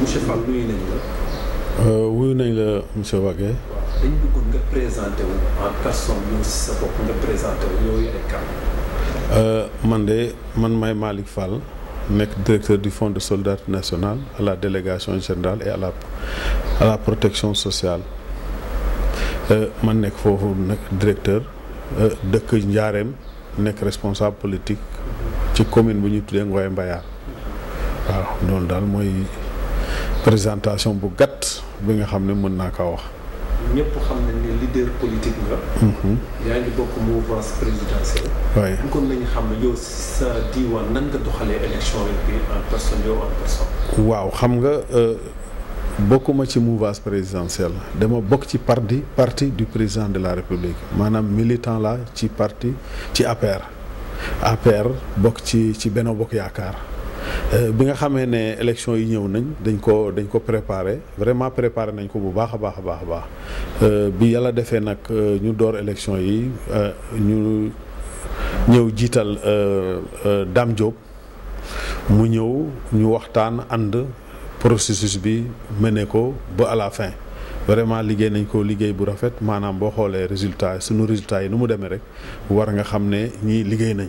Euh, monsieur Fall nuyu nañ la. wuyu nañ la monsieur Wagué. waaw dañ bëggoon nga présenté wu en personne ñëw si sa bopp nga présenté wu yow yore kan. Euh, man de man may Malick Fall. nekk directeur du fonds de solidarité nationale à la délégation générale et à la à la protection sociale euh, man nekk foofu nag directeur dëkk Njaareem nekk responsable politique ci commune bu ñu tuddee Ngoye Mbayar waaw loolu daal mooy présentation bu gat bi nga xamné mën na ka wax. ñepp xam nañ ne leader politique nga. Mhm. yaa ngi bokk mouvance présidentielle. waaye bëggoon nañu xam ne yow sa diwaan nan nga doxalee élection bi en personne yow en personne. waaw xam nga euh, bokkuma ci mouvance présidentielle dama bokk ci parti parti du président de la république maanaam militant la ci parti ci APR. APR bokk ci ci Benno Bokk Yaakaar. Euh, bi nga xamee ne élection yi ñëw nañ dañ ko dañ ko préparer vraiment préparer nañ ko bu baax a baax a baax a baax euh, bi yàlla defee nag euh, ñu door élection yi ñu ñëw jiital Dame Diop mu ñëw ñu waxtaan ànd processus bi mené ko ba à fin vraiment liggéey nañ ko liggéey bu rafet maanaam boo xoolee résultat sunu résultat yi nu mu demee rek war nga xam ne ñii liggéey nañ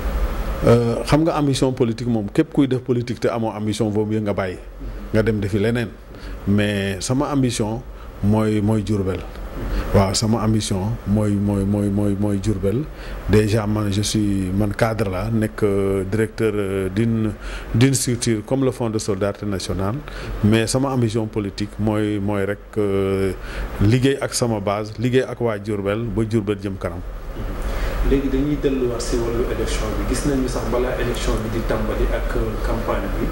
Euh, xam nga ambition politique moom képp kuy def politique te amoo ambition boobu yëpp nga bàyyi nga dem defi leneen mais sama ambition mooy mooy Diourbel waaw sama ambition mooy mooy mooy mooy mooy Diourbel déjà man je suis man cadre la nekk euh, directeur euh, d'une d'une structure comme le fond de solidarité national mais sama ambition politique mooy mooy rek liggéey ak sama base liggéey ak waa Diourbel ba Diourbel jëm kanam léegi dañuy delluwaat si wàllu élection bi gis nañu sax balaa élection bi di tàmbali ak euh, campagne bi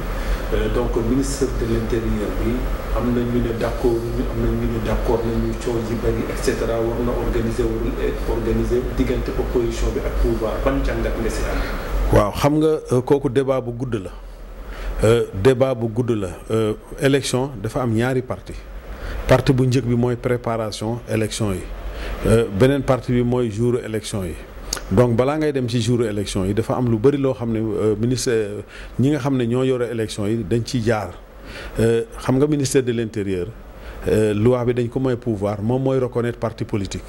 euh, donc ministre de l' intérieur bi am na ñu ne d' accord ñu am na ñu ne d' accord nañu coow yi bëri et cetera war na organiser warul organiser diggante opposition bi ak pouvoir ban jàngat nga si am. waaw xam nga euh, kooku débat bu gudd la débat bu gudd la élection dafa am ñaari parti parti bu njëkk bi mooy préparation élection yi beneen parti bi mooy jour élection yi. donc balaa ngay dem ci jour élection yi dafa am lu bëri loo xam ne euh, ministre ñi nga xam ne ñoo yore élection yi dañ ciy jaar euh, xam nga ministère de l'intérieur euh, loi bi dañ ko may pouvoir moom mooy reconnaître parti politique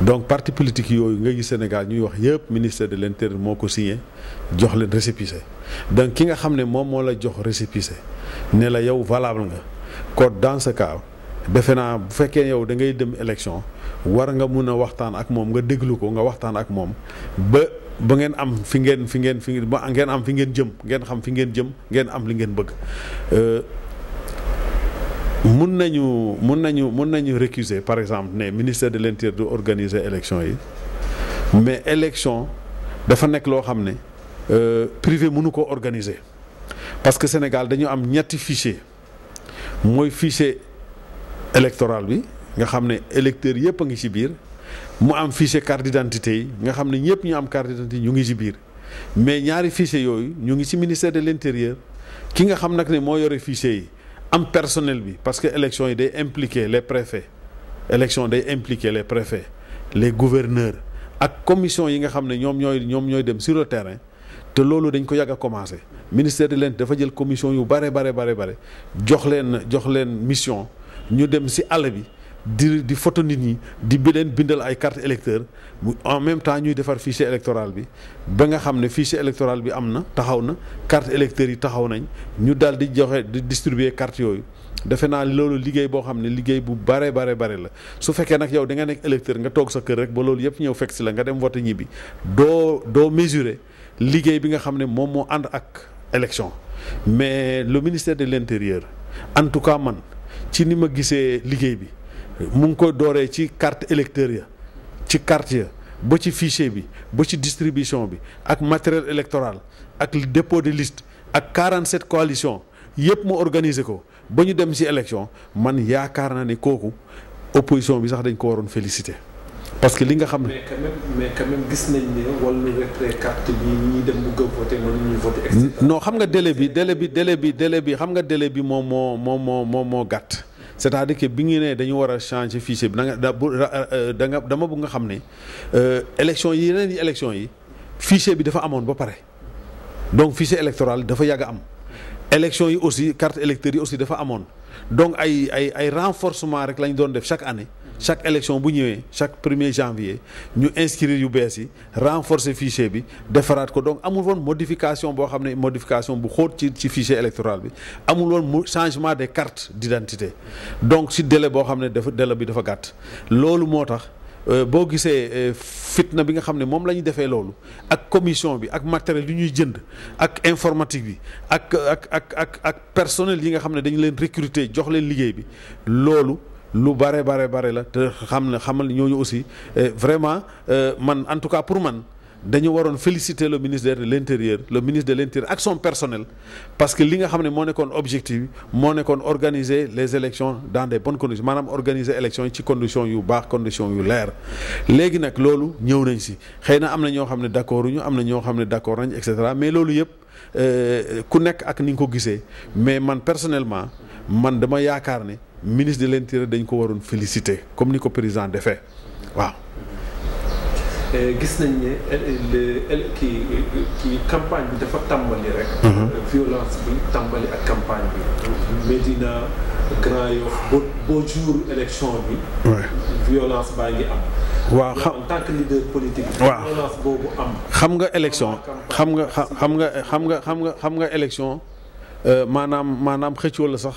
donc parti politique yooyu nga gis Sénégal ñuy wax yëpp ministère de l'intérieur moo ko signé jox leen récépissé donc ki nga xam ne moom moo la jox récépissé ne la yow valable nga kon dans ce cas defe naa bu fekkee yow da ngay dem élection war nga mun a waxtaan ak moom nga déglu ko nga waxtaan ak moom ba ba ngeen am fi ngeen fi ngeen fi ngeen am fi ngeen jëm ngeen xam fi ngeen jëm ngeen am li ngeen bëgg euh, mun nañu mun nañu mun nañu récuser par exemple ne ministère de l'intérieur du organiser élection yi mais élection dafa nekk loo xam ne euh, privé munu ko organiser parce que Sénégal dañu am ñetti fichier mooy fichier électoral bi nga xamné ne électeurs yëpp a ngi ci biir mu am fichier carte d'identité yi nga xam ne ñëpp ñu am carte d'identité ñu ngi ci biir mais ñaari fichier yooyu ñu ngi ci ministère de l'intérieur ki nga xam nag ne moo yore fichier yi am personnel bi parce que élection yi day impliquer les préfets élection day impliquer les préfets les gouverneurs ak commission yi nga xam ne ñoom ñooy ñoom ñooy dem sur le terrain te loolu dañ ko yàgg a commencé ministère de l'Intérieur dafa jël commission yu bare bare bare bare jox leen jox leen mission ñu dem ci àll bi di di photo nit ñi di bi leen bindal ay carte électeur mu en même temps ñuy defar fichier électoral bi ba nga xam ne fichier électoral bi am na taxaw na carte électeur yi taxaw nañ ñu daal di joxe di distribuer carte yooyu defe naa loolu liggéey boo xam ne liggéey bu bare bare bare la su fekkee nag yow da nga nekk électeur nga toog sa kër rek ba loolu yëpp ñëw fekk si la nga dem vote ñibbi doo doo mesurer liggéey bi nga xam ne moom moo ànd ak élection mais le ministère de l'intérieur en tout cas man ci ni ma gisee liggéey bi mu dore ci carte électorale ci carte ya ba ci fichier bi ba ci distribution bi ak matériel électoral ak dépôt de liste ak 47 coalitions yépp mo organiser ko ba ñu dem ci élection man yaakaar na ne kooku opposition bi sax dañ ko waroon féliciter. parce que li nga xam ne mais quand même mais quand même gis nañ ne wàllu retrait carte bi ñi dem bëgg a voté mënuñu voter non xam nga délai bi délai bi délai bi délai bi xam nga délai bi moom moo moo moo moo moo gàtt c'est-à-dire que bi ñu nee dañu war a changer fichier bi da nga da euh, nga dama bëgg nga xam ne euh, élection yi yeneen yi élection yi fichier bi dafa amoon ba pare donc fichier électoral dafa yàgg am élection yi aussi carte électeur yi aussi dafa amoon donc ay ay ay renforcement rek la ñu def chaque année chaque élection bu ñëwé chaque er janvier ñu inscrire yu bees renforcer fichier bi défarat ko donc amul won modification bo xamné modification bu xoot ci ci fichier électoral bi amul won changement des cartes d'identité donc si délai bo xamné dafa délai bi dafa gatt lolu motax bo euh, boo euh, fitna bi nga xamné mom lañu défé lolu ak commission bi ak matériel li ñuy jënd ak informatique bi ak ak ak ak personnel yi nga xamné ne dañu leen recruter jox leen liguey bi lolu nous, bare bare bare aussi eh, vraiment eh, en tout cas pour man dañu féliciter le ministère de l'intérieur le ministre de l'intérieur ak son personnel parce que li nga xam objectif organiser les élections dans des bonnes conditions maanaam organiser élections ci conditions yu baax conditions yu leer nous, nag loolu ñëw nañ si d'accord d'accord nañ mais loolu yëpp eh, ku nekk ak mais man personnellement man dama ministre de l'intérieur dañ ko waroon félicité comme ni ko président defee waaw. gis nañ ne kii campagne bi dafa tambali rek. Mhm. violence bi tambali ak campagne bi. Medina Grand Yoff jour élection bi. violence baa am. Wa, en tant que leader politique. violence bobu am. xam nga élection xam nga xam nga xam nga xam nga xam nga élection euh, manam manam xëccoo la sax.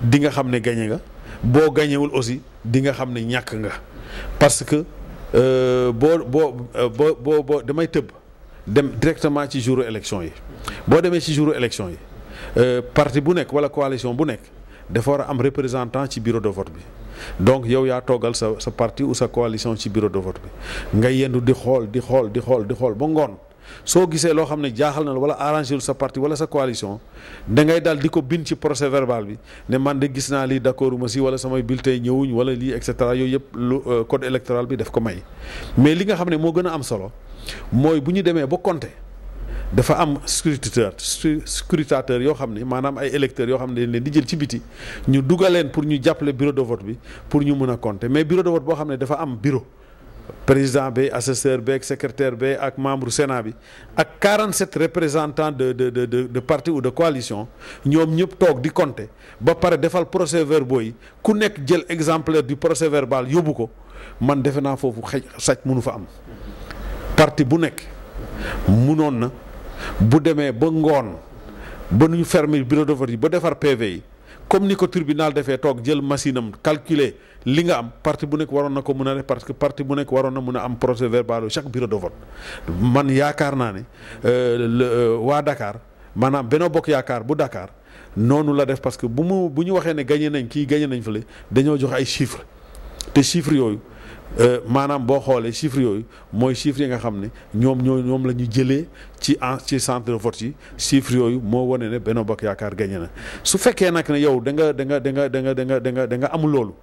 di nga xam ne gagné nga boo gagnéwul aussi di nga xam ne ñàkk nga parce que euh, boo boo euh, boo boo boo damay tëb dem directement ci jouru élection yi boo demee ci jouru élection yi euh, parti bu nekk wala coalition bu nekk dafa war a am représentant ci bureau de vote bi donc yow yaa toogal sa sa parti ou sa coalition ci bureau de vote bi nga yendu di xool di xool di xool di xool ba ngoon soo gisee loo xam ne jaaxal na la wala arrangé sa parti wala sa coalition da ngay daal di ko bind ci procès verbal bi ne man de gis naa lii d' accord ma si wala samay bulletins ñëwuñ wala lii et cetera yooyu yëpp lu euh, code électoral bi daf ko may. mais li nga xam ne moo gën a am solo mooy bu ñu demee ba compter dafa am scrutateur scrutateur yoo xam ne maanaam ay électeurs yoo xam ne dañ leen di jël ci biti ñu dugaleen pour ñu jàppale bureau de vote bi pour ñu mun a compter mais bureau boo xam ne dafa am bureau. président B, assesseur B, secrétaire B, membre Sénat 47 représentants de de de de parti ou de coalition nous un procès di compter procès verbal. du procès verbal man parti bu nek na bu fermer bureau de vote ba PV comme tribunal jël calculer. li nga am parti bu nekk waroon na ko mën a def que parti bu nekk waroon na a am procès verbal chaque bureau de vote man yaakaar naa ne euh, euh, waa Dakar maanaam Benno Bokk Yaakaar bu dakaar noonu la def parce que bu mu bu ñu waxee ne gagné nañ kii gagné nañ fële dañoo jox ay chiffres te chiffres yooyu euh, maanaam boo xoolee chiffres yooyu mooy chiffres yi nga xam ne ñoom ñoo ñoom la ñu jëlee ci en ci centre de vote yi chiffres yooyu moo wane ne benn Bokk Yaakaar gagné na su fekkee nag ne yow da nga da nga da nga da nga da nga da nga amul loolu.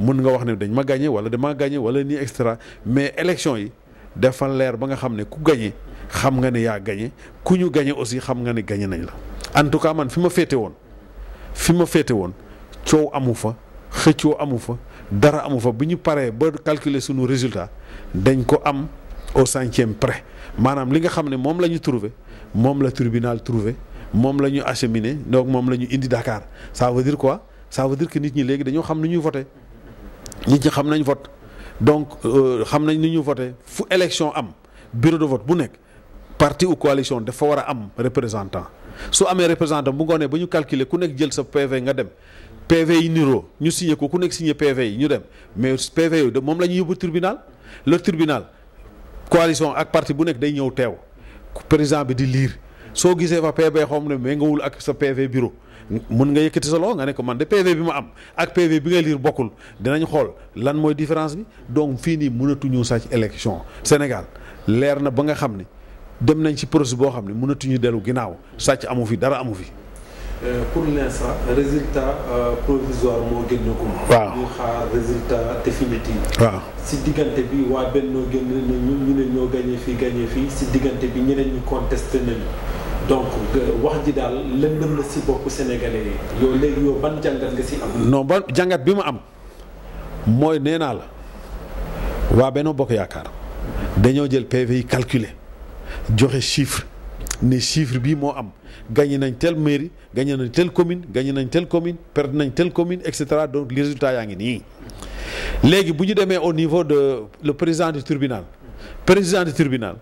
mën nga wax ne dañ ma gagné wala dama gagné wala nii extra mais élection yi defal leer ba nga xam ne ku gagné xam nga ne yaa gagné ku ñu gagné aussi xam nga ne gagné nañ la. en tout cas man fi ma féete woon fi ma féete woon coow amu fa xëccoo amu fa dara amu fa bi ñu paree ba calculer suñu résultat dañ ko am au centième près maanaam li nga xam ne moom la ñu trouvé moom la tribunal trouvé moom la ñu acheminé donc moom la ñu indi Dakar ça veut dire quoi ça veut dire que nit ñi léegi dañoo xam nu ñuy voté nit ci xam nañ vote donc euh, xam nañ ni ñu voté fu élection am bureau de vote bu nek parti ou coalition dafa war a am représentant su amé représentant bu ngone ba ñu calculer ku nek jël sa PV nga dem PV yi niroo ñu signé ko ku nek signé PV yi ñu dem mais PV yooyu mom lañu yobu tribunal le tribunal coalition ak parti bu nek day ñew tew président bi di lire so gisé va PV xom ne ngawul ak sa PV bureau mën nga sa nga ne ko man de PV bi ma am ak PV bi nga dinañ lan différence donc fii élection Sénégal leer na ba nga ne dem nañ ci processus boo xam ne dellu ginnaaw sàcc amu fi dara amu fi. Euh, pour l'instant résultat euh, provisoire moo résultat définitif. si diggante bi waa benn ne ñun ñu ne ñoo gagné gagné fii si diggante bi ñeneen contesté donc euh, wax ji que na sénégalais yo ban nga am. non ban jangat bima am la jël calculé joxe chiffre ne chiffre am gagné nañ mairie gagné nañ tel commune gagné nañ telle commune perd nañ commune etc. donc les résultats yaa au niveau de le président du tribunal président du tribunal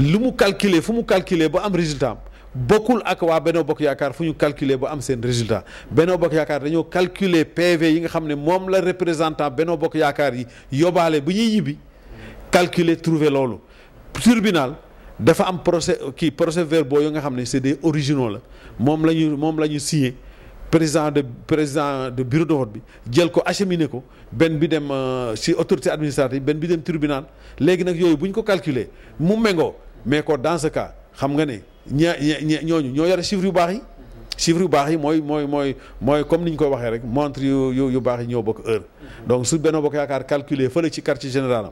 lu mu calculer fu mu calculer ba am résultat bokul ak wa beno bok yakar fu ñu calculer ba am sen résultat beno bok yakar dañu calculer PV yi nga xam mom la représentant beno bok yakar yi yobale bu ñuy ñibbi calculer trouver loolu tribunal dafa am procès qui procès verbaux yi nga xam c'est des originaux la mom lañu mom lañu signer président de président de bureau de vote bi jël ko acheminer ko ben bi dem euh, ci autorité administrative ben bi dem tribunal légui nak yoy buñ ko calculer mu mengo mais ko dans ce cas xam nga né ñoñu ño yar chiffre yu bax yi. chiffre yu bax yi moy moy moy moy comme niñ ko waxé rek montre yu yu bax yi ñoo bokk heure. donc su beno Bokk Yaakaar calculer fele ci quartier général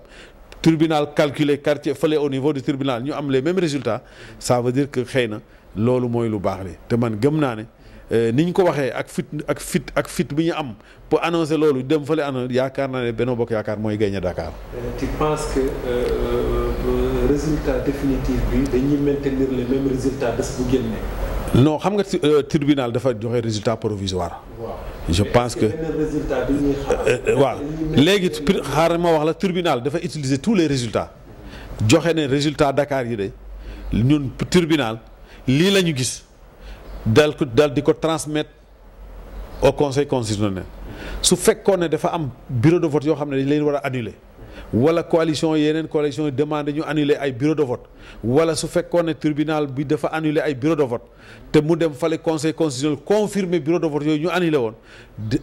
tribunal calculer quartier fele au niveau du tribunal ñu am les mêmes résultats ça veut dire que xeyna lolu moy lu bax lé té man gëm naa ne. Euh, niñ ko waxee ak fit ak fit ak fit bi ñu am pour annoncer loolu dem fële ana yaakaar naa ne Benno Bokk Yaakaar mooy gagné Dakar. Euh, tu penses que euh, résultat définitif bi dañuy maintenir les mêmes résultats bés bu génnee. non xam nga tribunal dafa joxe résultat provisoire. je pense que waaw léegi xaaral ma wax la tribunal dafa utiliser tous les résultats joxe ne résultat Dakar yi de ñun tribunal lii la ñu gis dal ko dal transmettre au conseil constitutionnel su fekkoon ne dafa am bureau de vote yo a dañ leen wara annuler wala coalition coalition demande demandé ñu annuler ay bureau de vote wala su qu'on est tribunal bi dafa annuler ay bureau de vote te mu dem conseil constitutionnel confirmer bureau de vote yo ñu annuler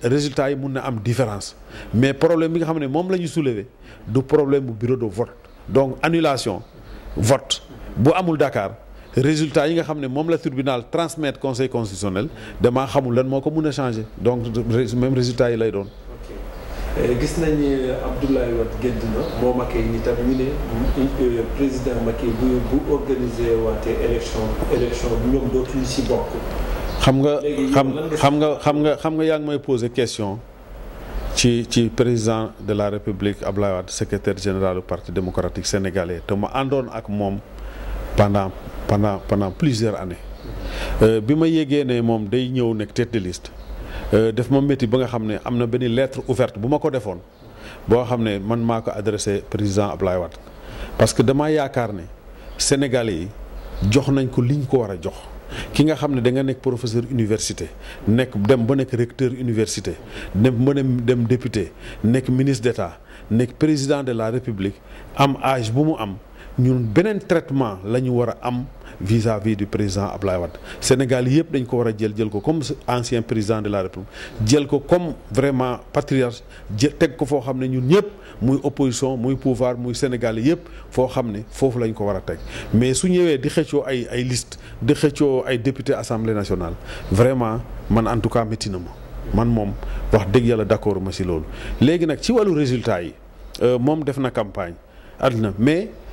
résultat yi mun na am différence mais problème bi nga mené ne soulever du problème bureau de vote donc annulation vote bu amul Dakar résultat yi nga xam ne moom la tribunal transmettre conseil constitutionnel dama xamul lan moo ko mun a changé donc même résultat yi lay doon. Eh, gis nañ Abdoulaye Wade gédd na moo Macky ni tam ñu ne euh, président Macky bu bu organisé waatee élection élection bi ñoom dootuñu si bokk. xam nga xam xam nga xam nga xam nga yaa ngi may poser question ci ci président de la république Abdoulaye Wade secrétaire général du parti démocratique sénégalais te ma àndoon ak moom pendant pendant pendant plusieurs années euh, bi ma yégee ne moom day ñëw nek tête de liste euh, def ma metti ba nga xamné amna am lettre ouverte buma ko defoon bo xamné man mako adressé président Ablaye Watt. parce que dama yaakaar ne Sénégalais jox nañ ko liñ ko wara jox ki nga xamné ne da nga nek professeur université nek dem ba nek recteur université dem ba dem député nek ministre d'État nek président de la République am âge bu mu am ñun benen traitement lañu wara am vis-à-vis du président Ablaye Wade Sénégal yépp dañ ko wara jël jël ko comme ancien président de la République jël ko comme vraiment patriote jël teg ko fo xamné ñun ñëpp muy opposition muy pouvoir muy Sénégal yépp fo xamné fofu lañ ko wara a mais su ñëwé di xëccio ay ay liste di xëccio ay député assemblée nationale vraiment man en tout cas métti ma man mom wax dëgg yalla d'accord ma si lool légui nak ci walu résultat yi euh, mom def na campagne àdduna mais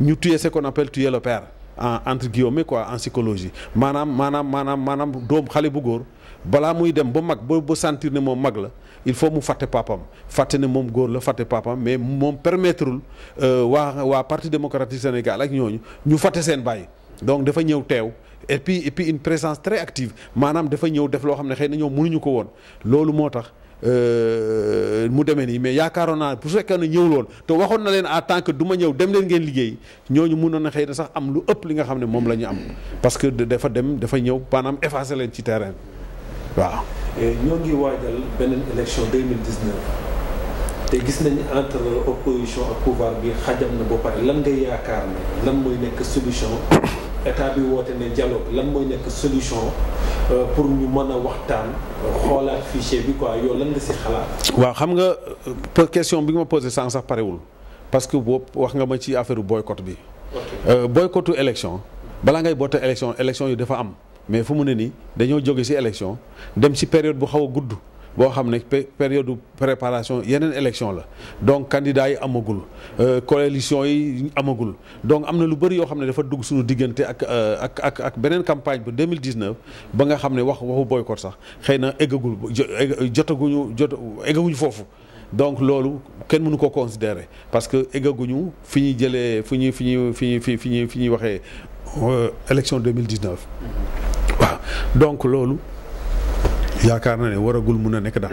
ñu tuer ce qu'on appelle tuer le père en entre guillemets quoi en psychologie manam manam manam manam dom xale bu gor bala muy dem bu mag bu sentir ne mom mag la il faut mu faté papam faté ne mom gor la faté papam mais permettreul euh, wa wa parti démocratique Sénégal ak ñooñu ñu faté sen baye donc dafa ñew tew et puis et puis une présence très active manam dafa ñew def lo xamné ne xëy na mënuñu ko won lolu motax Euh, mu demee nii mais yaakaaroon naa bu fekkee ne ñëwul woon te waxoon na leen à tant que du ñëw dem leen ngeen liggéey ñu mënoon na xëy na sax am lu ëpp li nga xam ne moom lañu am parce que dafa dem dafa ñëw maanaam effacé leen ci terrain bi waaw. ñoo ngi waajal beneen élection 2019 te gis nañ entre opposition ak pouvoir bi xajam na boppa pare lan ngay yaakaar ne lan mooy nekk solution. état bi wote ne dialogue lan moy nekk solution euh, pour ñu mëna waxtaan xolaat fichier bi quoi yo lan nga ci xalaat. waaw xam nga euh, question bi nga poser sans sànq paré wul parce que boobu wax nga ma ci affaire boycott bi. Euh, boycottu élection balaa ngay boté élection élection yu dafa am mais fu mu ne nii dañoo jóge ci élection dem ci période bu xaw a gudd y a une période préparation une élection la donc élection. Euh, coalition donc y lu de dafa dugg y euh, ak ak campagne bu 2019 ba y a boycott sax donc y mënu ko considérer parce que Donc, y a une campagne élection 2019 donc yaakaar na ne waragul mun a nekk daal.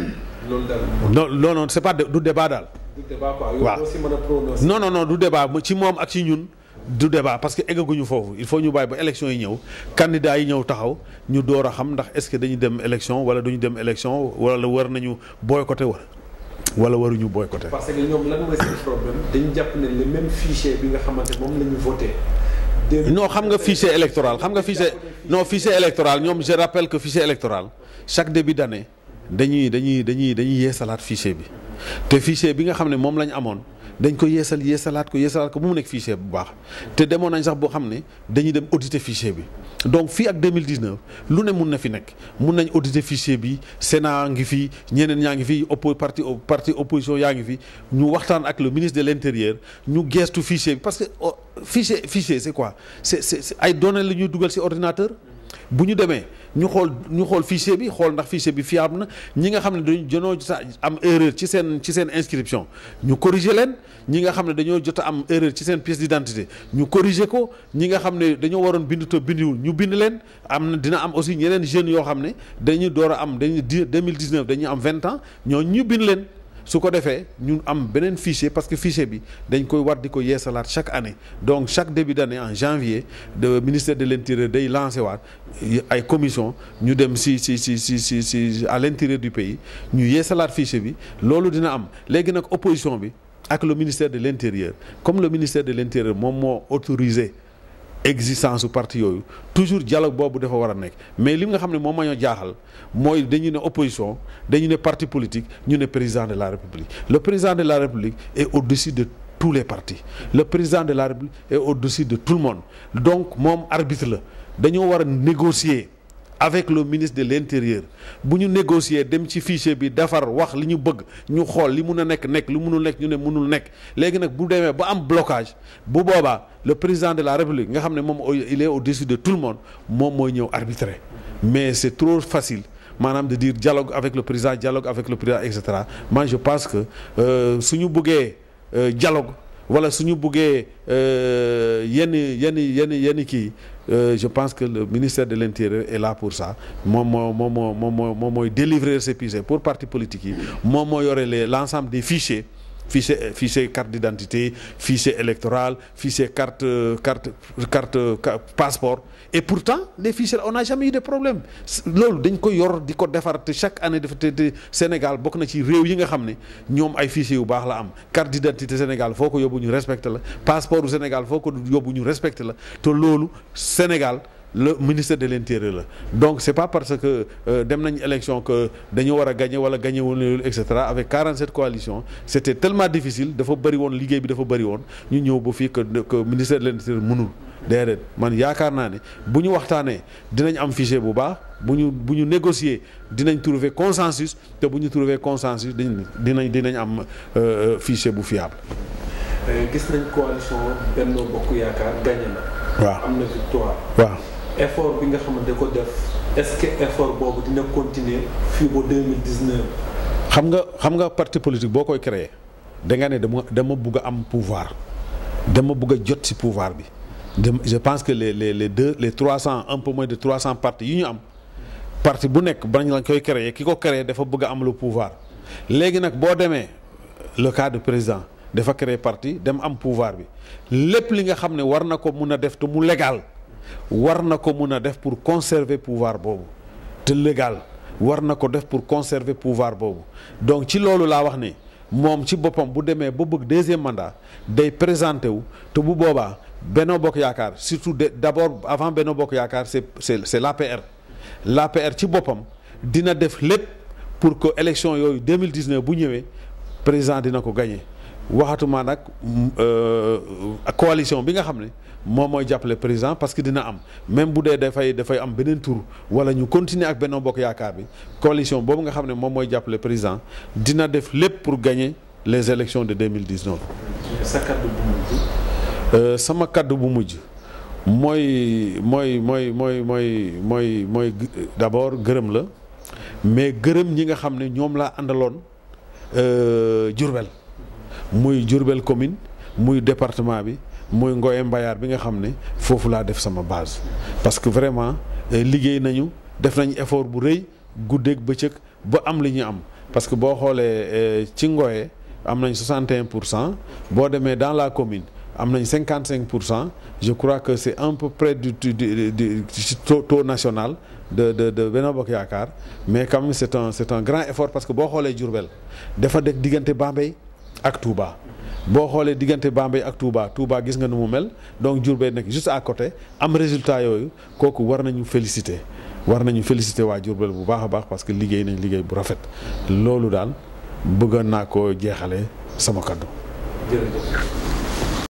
loolu non non non c'est pas du débat daal. du débat quoi yow aussi mën a prononcer non non non du débat ci moom ak ci ñun. du débat parce que eggaguñu foofu il faut ñu bàyyi ba élection yi ñëw candidat yi ñëw taxaw ñu door a xam ndax est-ce que dañu dem élection wala duñu dem élection wala war nañu boycotter wala wala waruñu boycotter. parce que ñoom lan mooy seen problème dañu jàpp ne le même fichier bi nga xamante moom la ñu voté non xam nga fichier électoral xam nga fichier non fichier électoral ñom je rappelle que fichier électoral chaque début d'année dañuy dañuy dañuy dañuy yéssalat fichier bi Té fichier bi nga xamné mom lañ la dañ ko yéssal yéssalat ko yéssalat ko bu mu nek fichier bu baax té demoon nañ sax bo xamné dañuy dem auditer fichier bi donc fi ak 2019 lu né mun na fi nek mun nañ auditer fichier bi Sénat ngi fi ñeneen ñaa fi oppo parti parti opposition yaangi fi ñu waxtaan ak le ministre de l'intérieur ñu geestu fichier bi parce que oh, fichier fichier c'est quoi c'est c'est ay données la ñuy dugal ci ordinateur bu ñu demee ñu xool ñu xool fichier bi xool ndax fichier bi fiable na ñi nga xam ne dañu jënoo jot am erreur ci seen ci seen inscription ñu corriger leen ñi nga xam ne dañoo jot am erreur ci seen pièce d'identité ñu corriger ko ñi nga xam ne dañoo waroon bind te bindiwul ñu bind leen am na dina am aussi ñeneen jeunes yoo xam ne dañu door a am dañu mille 2019 dañu am vingt ans ñoo ñu bind leen su ko defee ñun am beneen fichier parce que fichier bi dañ koy war di ko chaque année donc chaque début d'année en janvier le ministère de l'intérieur lance lancé waat commission ñu dem si si si si si à l'intérieur du pays ñu yeesalaat fichier bi loolu dina am léegi nag opposition bi le ministère de l'intérieur comme le ministère de l'intérieur moom autorisé existence ou parti toujours toujours dialogue bobu dafa wara a mais lim nga je mo moom jaaxal Nous dañu né opposition dañu né parti politique ñu un président de la république le président de la république est au-dessus de tous les partis le président de la république est au-dessus de tout le monde donc mon arbitre la dañu wara négocier avec le ministre de l'intérieur bu nous négocier dem ci fichier bi defar wax li ñu bëgg ñu xol li mëna nek nek, lu ñu ne bu ba blocage bu le président de la république il est au-dessus de tout le monde mon moy ñëw arbitrer mais c'est trop facile madame de dire dialogue avec le président dialogue avec le président etc moi je pense que euh, euh, dialogue wala su ñu buggee euh, yenn yenn yenn yenn kii euh, je pense que le ministère de l'intérieur est là pour ça moom moo moom moo moom mooy délivrer récépissé pour parti politique yi moom moo yore les l'ensemble des fichiers fichier carte d'identité fichier électoral fichier carte euh, carte carte euh, passeport et pourtant les fichiers on n'a jamais eu de problème loolu dañ ko yor chaque année du Sénégal bokk na ci réew yi nga xam ne un ay fichiers la carte d'identité Sénégal il faut que ñu respections passeport du Sénégal il ko yóbbu ñu respecter. la te le Sénégal le ministère de l'intérieur là. donc c'est pas parce que euh, dem nañ élection que dañu war a gagner wala gagner woon etc. avec 47 coalitions c'était tellement difficile dafa bëri woon liggéey bi dafa bëri woon ñu ñëw ba fii que que ministère de l'intérieur mënul déedéet man yaakaar naa ne bu ñu waxtaanee dinañ am fichier bu baax bu ñu bu négocier dinañ trouver consensus te bu trouver consensus dinañ dinañ am euh, euh, fichier bu fiable. gis nañ coalition Ben Benno Bokk Yaakaar gagné na. waaw am na victoire waaw effort bi nga xam ko def est-ce que effort boobu dina continuer fii ba 2019 xam nga xam nga parti politique boo koy créer da nga ne dama dama bugg a am pouvoir dama bugg a jot ci pouvoir bi je pense que les les les deux les 300 un peu moins de 300 cent partis yu ñu am parti bu nekk bañ lañ koy créer ki ko créer dafa bëgg a am le pouvoir léegi nag boo demee le cas de président dafa créer parti dem am pouvoir bi lépp li nga xam ne war na ko mun a def te mu légal war na ko def pour conserver pouvoir bobu te légal war ko def pour conserver pouvoir bobu donc ci lolu la wax ni mom ci bopam bu demee ba bëgg deuxième mandat day présenté wu te bu boba beno Yakar. yakar surtout d'abord avant Beno bok Yakar, c'est c'est l'APR l'APR ci bopam dina def lépp pour que élection yoyu 2019 bu ñëwé président dina ko gagner waxatuma euh coalition bi nga xamné mom moy mooy président parce que dina am même bu dee dafay dafay am benen tour wala ñu continuer ak Benno Bokk Yaakaar bi coalition bobu nga xamné mom moy mooy président dina def lépp pour gagner les élections de 2019. sa kaddu bu mujj. Euh, sama kaddu bu mujj moy moy moy moy moy moy d'abord gërëm la mais gërëm ñi nga xamné ñom la andalon euh Diourbel muy Diourbel commune muy département bi muy Ngoye Mbayar bi nga xamné fofu la def sama base parce que vraiment eh, liguey nañu def nañ effort bu rëy guddeeg bëccëg ba am liñu am parce que bo xoolee eh, ci Ngoye am nañ 61 bo démé dans la commune am nañ 55 je crois que c'est un peu près du taux national de de de mais quand même c'est un c'est un grand effort parce que bo xolé Diourbel dafa def diggante Bambey ak Touba boo xoolee diggante Bambey ak Touba Touba gis nga nu mu mel donc Diourbel nekk juste à côté am résultat yooyu kooku war nañu félicité war nañu félicité waa Diourbel bu baax a baax parce que liggéey nañ liggéey bu rafet loolu daal bëggoon naa ko jeexale sama kaddu.